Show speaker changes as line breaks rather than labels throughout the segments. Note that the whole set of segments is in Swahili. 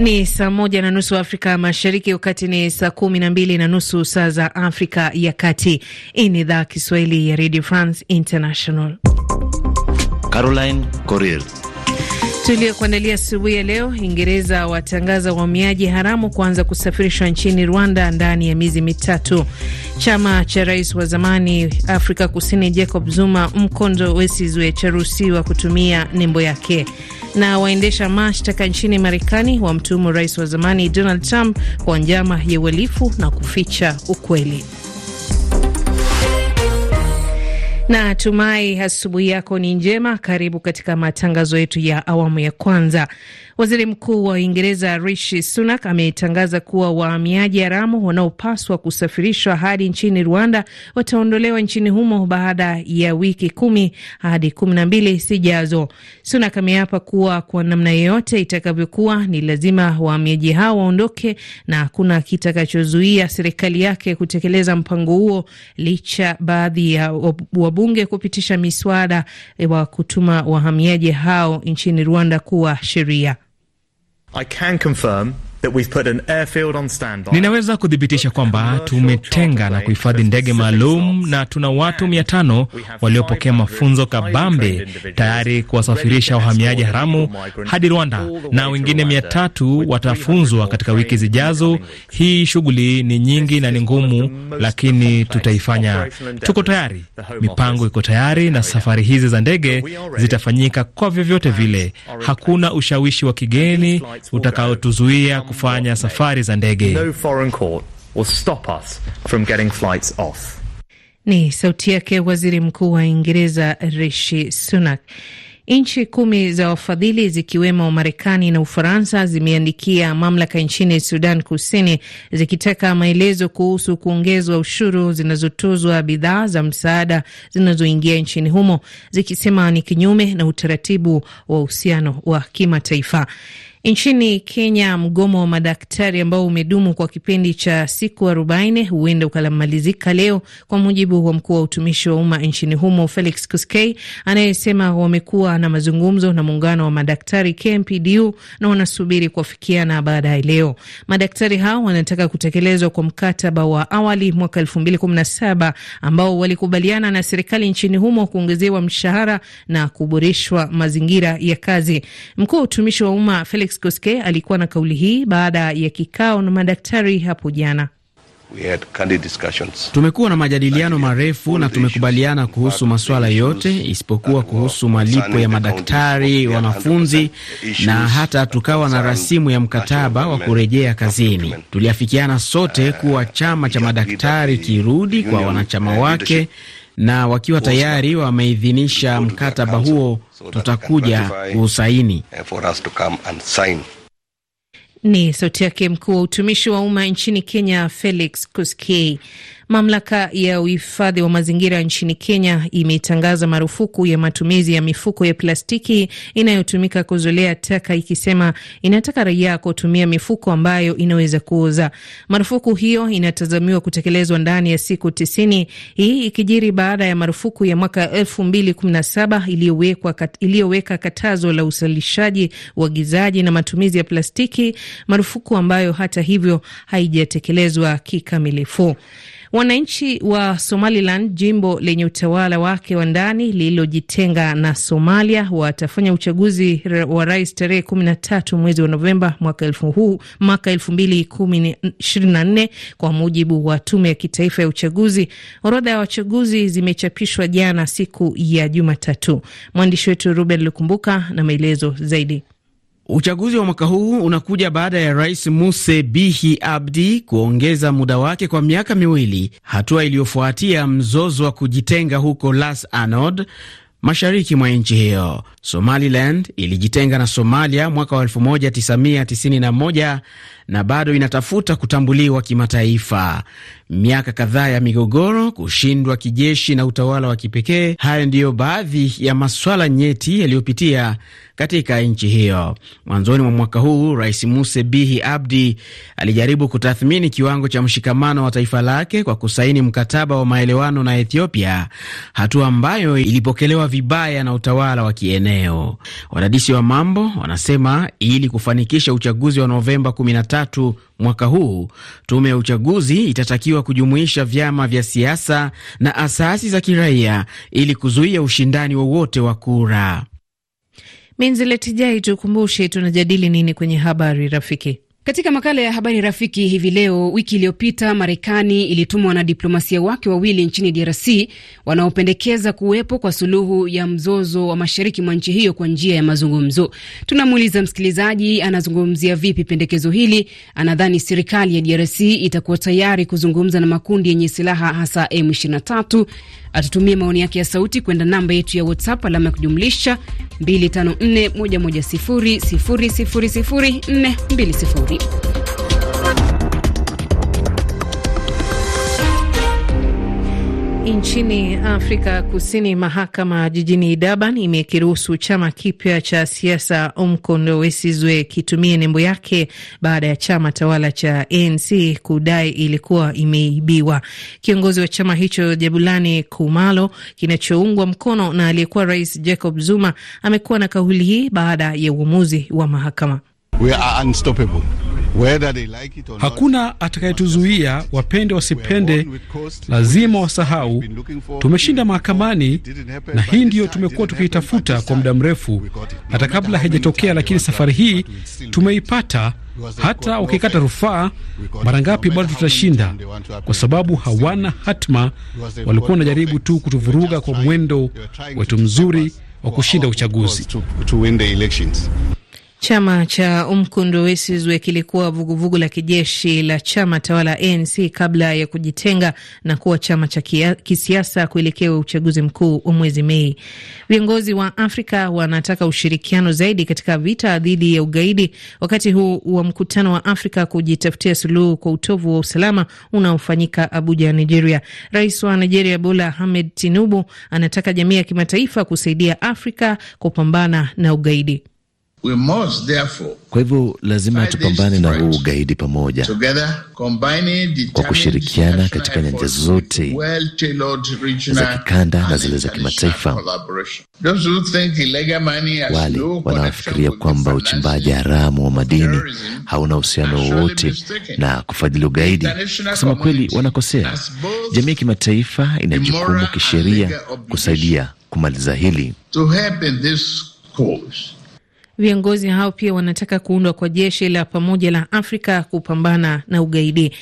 Ni saa moja na nusu Afrika Mashariki, wakati ni saa kumi na mbili na nusu saa za Afrika ya Kati. Hii ni idhaa Kiswahili ya Radio France International.
Caroline Coril
Tuliyokuandalia asubuhi ya leo: ingereza watangaza wahamiaji haramu kuanza kusafirishwa nchini Rwanda ndani ya miezi mitatu. Chama cha rais wa zamani Afrika Kusini Jacob Zuma, Mkondo Wesizwe, charuhusiwa kutumia nembo yake. Na waendesha mashtaka nchini Marekani wamtuhumu rais wa zamani Donald Trump kwa njama ya uhalifu na kuficha ukweli. na tumai asubuhi yako ni njema. Karibu katika matangazo yetu ya awamu ya kwanza. Waziri Mkuu wa Uingereza Rishi Sunak ametangaza kuwa wahamiaji haramu wanaopaswa kusafirishwa hadi nchini Rwanda wataondolewa nchini humo baada ya wiki kumi hadi kumi na mbili zijazo. Sunak ameapa kuwa kwa namna yoyote itakavyokuwa ni lazima wahamiaji hao waondoke na hakuna kitakachozuia serikali yake kutekeleza mpango huo, licha baadhi ya wabunge kupitisha miswada wa kutuma wahamiaji hao nchini Rwanda kuwa sheria. I can confirm Ninaweza kuthibitisha kwamba tumetenga na kuhifadhi ndege
maalum na tuna watu mia tano waliopokea mafunzo kabambe tayari kuwasafirisha wahamiaji haramu hadi Rwanda na wengine mia tatu watafunzwa katika wiki zijazo. Hii shughuli ni nyingi na ni ngumu, lakini tutaifanya. Tuko tayari, mipango iko tayari, na safari hizi za ndege zitafanyika kwa vyovyote vile. Hakuna ushawishi wa kigeni utakaotuzuia kufanya safari za ndege.
Ni sauti yake Waziri Mkuu wa Uingereza Rishi Sunak. Nchi kumi za wafadhili zikiwemo Marekani na Ufaransa zimeandikia mamlaka nchini Sudan Kusini zikitaka maelezo kuhusu kuongezwa ushuru zinazotozwa bidhaa za msaada zinazoingia nchini humo, zikisema ni kinyume na utaratibu wa uhusiano wa kimataifa. Nchini Kenya, mgomo wa madaktari ambao umedumu kwa kipindi cha siku arobaini huenda ukamalizika leo, kwa mujibu wa mkuu wa utumishi wa umma nchini humo Felix Kuskei anayesema wamekuwa na mazungumzo na muungano wa madaktari KMPDU na wanasubiri kuafikiana baadaye leo. Madaktari hao wanataka kutekelezwa kwa mkataba wa awali mwaka elfu mbili kumi na saba ambao walikubaliana na serikali nchini humo kuongezewa mshahara na kuboreshwa mazingira ya kazi. Mkuu wa utumishi wa umma Felix Felix Koske alikuwa na kauli hii baada ya kikao na madaktari hapo jana.
Tumekuwa na majadiliano uh, marefu na tumekubaliana kuhusu masuala yote isipokuwa uh, kuhusu malipo ya madaktari, uh, wanafunzi na hata tukawa na rasimu ya mkataba wa kurejea kazini. Tuliafikiana sote kuwa chama cha madaktari kirudi kwa wanachama wake na wakiwa tayari wameidhinisha mkataba huo, tutakuja kuusaini.
Ni sauti yake mkuu wa utumishi wa umma nchini Kenya, Felix Kuskei. Mamlaka ya uhifadhi wa mazingira nchini Kenya imetangaza marufuku ya matumizi ya mifuko ya plastiki inayotumika kuzolea taka, ikisema inataka raia kutumia mifuko ambayo inaweza kuoza. Marufuku hiyo inatazamiwa kutekelezwa ndani ya siku tisini, hii ikijiri baada ya marufuku ya mwaka elfu mbili kumi na saba iliyoweka kat, iliyoweka katazo la usalishaji, uagizaji na matumizi ya plastiki, marufuku ambayo hata hivyo haijatekelezwa kikamilifu. Wananchi wa Somaliland, jimbo lenye utawala wake wa ndani lililojitenga na Somalia, watafanya uchaguzi wa rais tarehe kumi na tatu mwezi wa Novemba mwaka elfu huu mwaka elfu mbili ishirini na nne kwa mujibu wa tume ya kitaifa ya uchaguzi. Orodha ya wachaguzi zimechapishwa jana siku ya Jumatatu. Mwandishi wetu Ruben Lukumbuka na maelezo zaidi.
Uchaguzi wa mwaka huu unakuja baada ya rais Muse Bihi Abdi kuongeza muda wake kwa miaka miwili, hatua iliyofuatia mzozo wa kujitenga huko Las Anod, mashariki mwa nchi hiyo. Somaliland ilijitenga na Somalia mwaka wa 1991 na bado inatafuta kutambuliwa kimataifa miaka kadhaa ya migogoro, kushindwa kijeshi na utawala wa kipekee. Hayo ndiyo baadhi ya maswala nyeti yaliyopitia katika nchi hiyo. Mwanzoni mwa mwaka huu, Rais Muse Bihi Abdi alijaribu kutathmini kiwango cha mshikamano wa taifa lake kwa kusaini mkataba wa maelewano na Ethiopia, hatua ambayo ilipokelewa vibaya na utawala wa kieneo. Wadadisi wa mambo wanasema ili kufanikisha uchaguzi wa Novemba 13 mwaka huu, tume ya uchaguzi itatakiwa kujumuisha vyama vya siasa na asasi za kiraia ili kuzuia ushindani wowote wa, kura. kura.
Minziletijai, tukumbushe tunajadili nini kwenye habari rafiki? Katika makala ya habari rafiki hivi leo, wiki iliyopita Marekani ilitumwa wanadiplomasia wake wawili nchini DRC wanaopendekeza kuwepo kwa suluhu ya mzozo wa mashariki mwa nchi hiyo kwa njia ya mazungumzo. Tunamuuliza msikilizaji, anazungumzia vipi pendekezo hili? Anadhani serikali ya DRC itakuwa tayari kuzungumza na makundi yenye silaha hasa M23? atatumia maoni yake ya sauti kwenda namba yetu ya WhatsApp alama ya kujumlisha 254 Nchini Afrika Kusini, mahakama jijini Durban imekiruhusu chama kipya cha siasa Umkhonto we kitumie nembo yake baada ya chama tawala cha ANC kudai ilikuwa imeibiwa. Kiongozi wa chama hicho Jabulani Kumalo, kinachoungwa mkono na aliyekuwa Rais Jacob Zuma, amekuwa na kauli hii baada ya uamuzi wa mahakama.
We are unstoppable.
Hakuna atakayetuzuia, wapende wasipende, lazima wasahau. Tumeshinda mahakamani, na hii ndiyo tumekuwa tukiitafuta kwa muda mrefu, hata kabla haijatokea, lakini safari hii tumeipata. Hata wakikata rufaa mara ngapi, bado tutashinda, kwa sababu hawana hatma Walikuwa wanajaribu tu kutuvuruga kwa mwendo wetu mzuri wa kushinda uchaguzi.
Chama cha Umkhonto we kilikuwa vuguvugu la kijeshi la chama tawala ANC kabla ya kujitenga na kuwa chama cha kisiasa kuelekea uchaguzi mkuu wa mwezi Mei. Viongozi wa Afrika wanataka ushirikiano zaidi katika vita dhidi ya ugaidi, wakati huu wa mkutano wa Afrika kujitafutia suluhu kwa utovu wa usalama unaofanyika Abuja, Nigeria. Rais wa Nigeria Bola Ahmed Tinubu anataka jamii ya kimataifa kusaidia Afrika kupambana na ugaidi. We must
therefore, kwa hivyo lazima tupambane na huu ugaidi pamoja kwa kushirikiana katika nyanja zote well za kikanda na zile za kimataifa. Wale wanaofikiria kwamba uchimbaji haramu wa madini hauna uhusiano wowote na kufadhili ugaidi, kusema kweli, wanakosea. Jamii ya kimataifa ina jukumu kisheria kusaidia kumaliza hili.
Viongozi hao pia wanataka kuundwa kwa jeshi la pamoja la Afrika kupambana na ugaidi.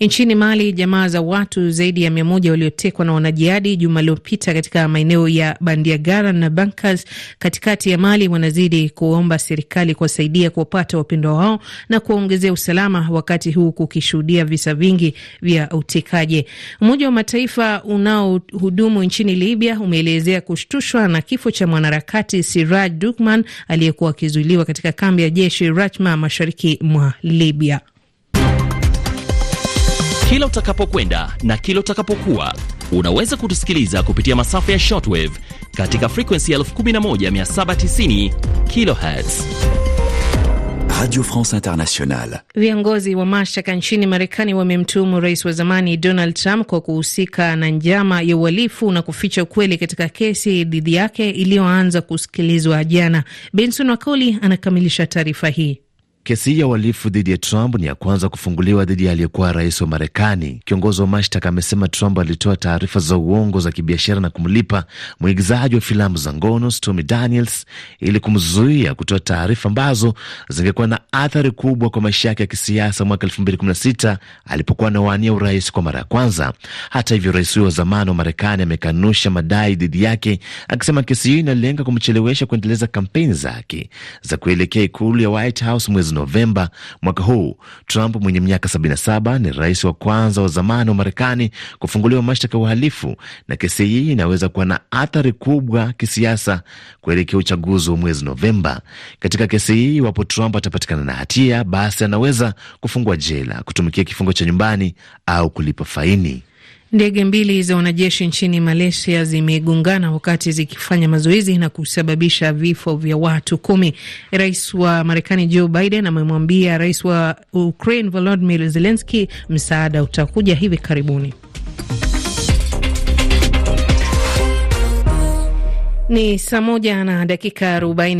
Nchini Mali, jamaa za watu zaidi ya mia moja waliotekwa na wanajihadi juma lilopita katika maeneo ya Bandiagara na Bankas katikati ya Mali wanazidi kuomba serikali kuwasaidia kuwapata wapendwa wao na kuwaongezea usalama, wakati huu kukishuhudia visa vingi vya utekaji. Umoja wa Mataifa unaohudumu nchini Libya umeelezea kushtushwa na kifo cha mwanaharakati Siraj Dukman aliyekuwa akizuiliwa katika kambi ya jeshi Rachma mashariki mwa Libya.
Kila utakapokwenda na kila utakapokuwa unaweza kutusikiliza kupitia masafa ya shortwave katika frequency 11790 kilohertz Radio France Internationale.
Viongozi wa mashtaka nchini Marekani wamemtuhumu rais wa zamani Donald Trump kwa kuhusika na njama ya uhalifu na kuficha ukweli katika kesi dhidi yake iliyoanza kusikilizwa jana. Benson Wakoli anakamilisha taarifa hii.
Kesi ya uhalifu dhidi ya Trump ni ya kwanza kufunguliwa dhidi ya aliyekuwa rais wa Marekani. Kiongozi wa mashtaka amesema Trump alitoa taarifa za uongo za kibiashara na kumlipa mwigizaji wa filamu za ngono Stormy Daniels ili kumzuia kutoa taarifa ambazo zingekuwa na athari kubwa kwa maisha yake ya kisiasa mwaka 2016 alipokuwa anawania urais kwa mara ya kwanza. Hata hivyo, rais huyo wa zamani wa Marekani amekanusha madai dhidi yake, akisema kesi hiyo inalenga kumchelewesha kuendeleza kampeni zake za kuelekea ikulu ya White House mwezi Novemba mwaka huu. Trump mwenye miaka 77 ni rais wa kwanza wa zamani wa Marekani kufunguliwa mashtaka ya uhalifu, na kesi hii inaweza kuwa na athari kubwa kisiasa kuelekea uchaguzi wa mwezi Novemba. Katika kesi hii, iwapo Trump atapatikana na hatia, basi anaweza kufungwa jela, kutumikia kifungo cha nyumbani au kulipa faini.
Ndege mbili za wanajeshi nchini Malaysia zimegongana wakati zikifanya mazoezi na kusababisha vifo vya watu kumi. Rais wa Marekani Joe Biden amemwambia rais wa Ukraine Volodymyr Zelensky msaada utakuja hivi karibuni. Ni saa moja na dakika arobaini.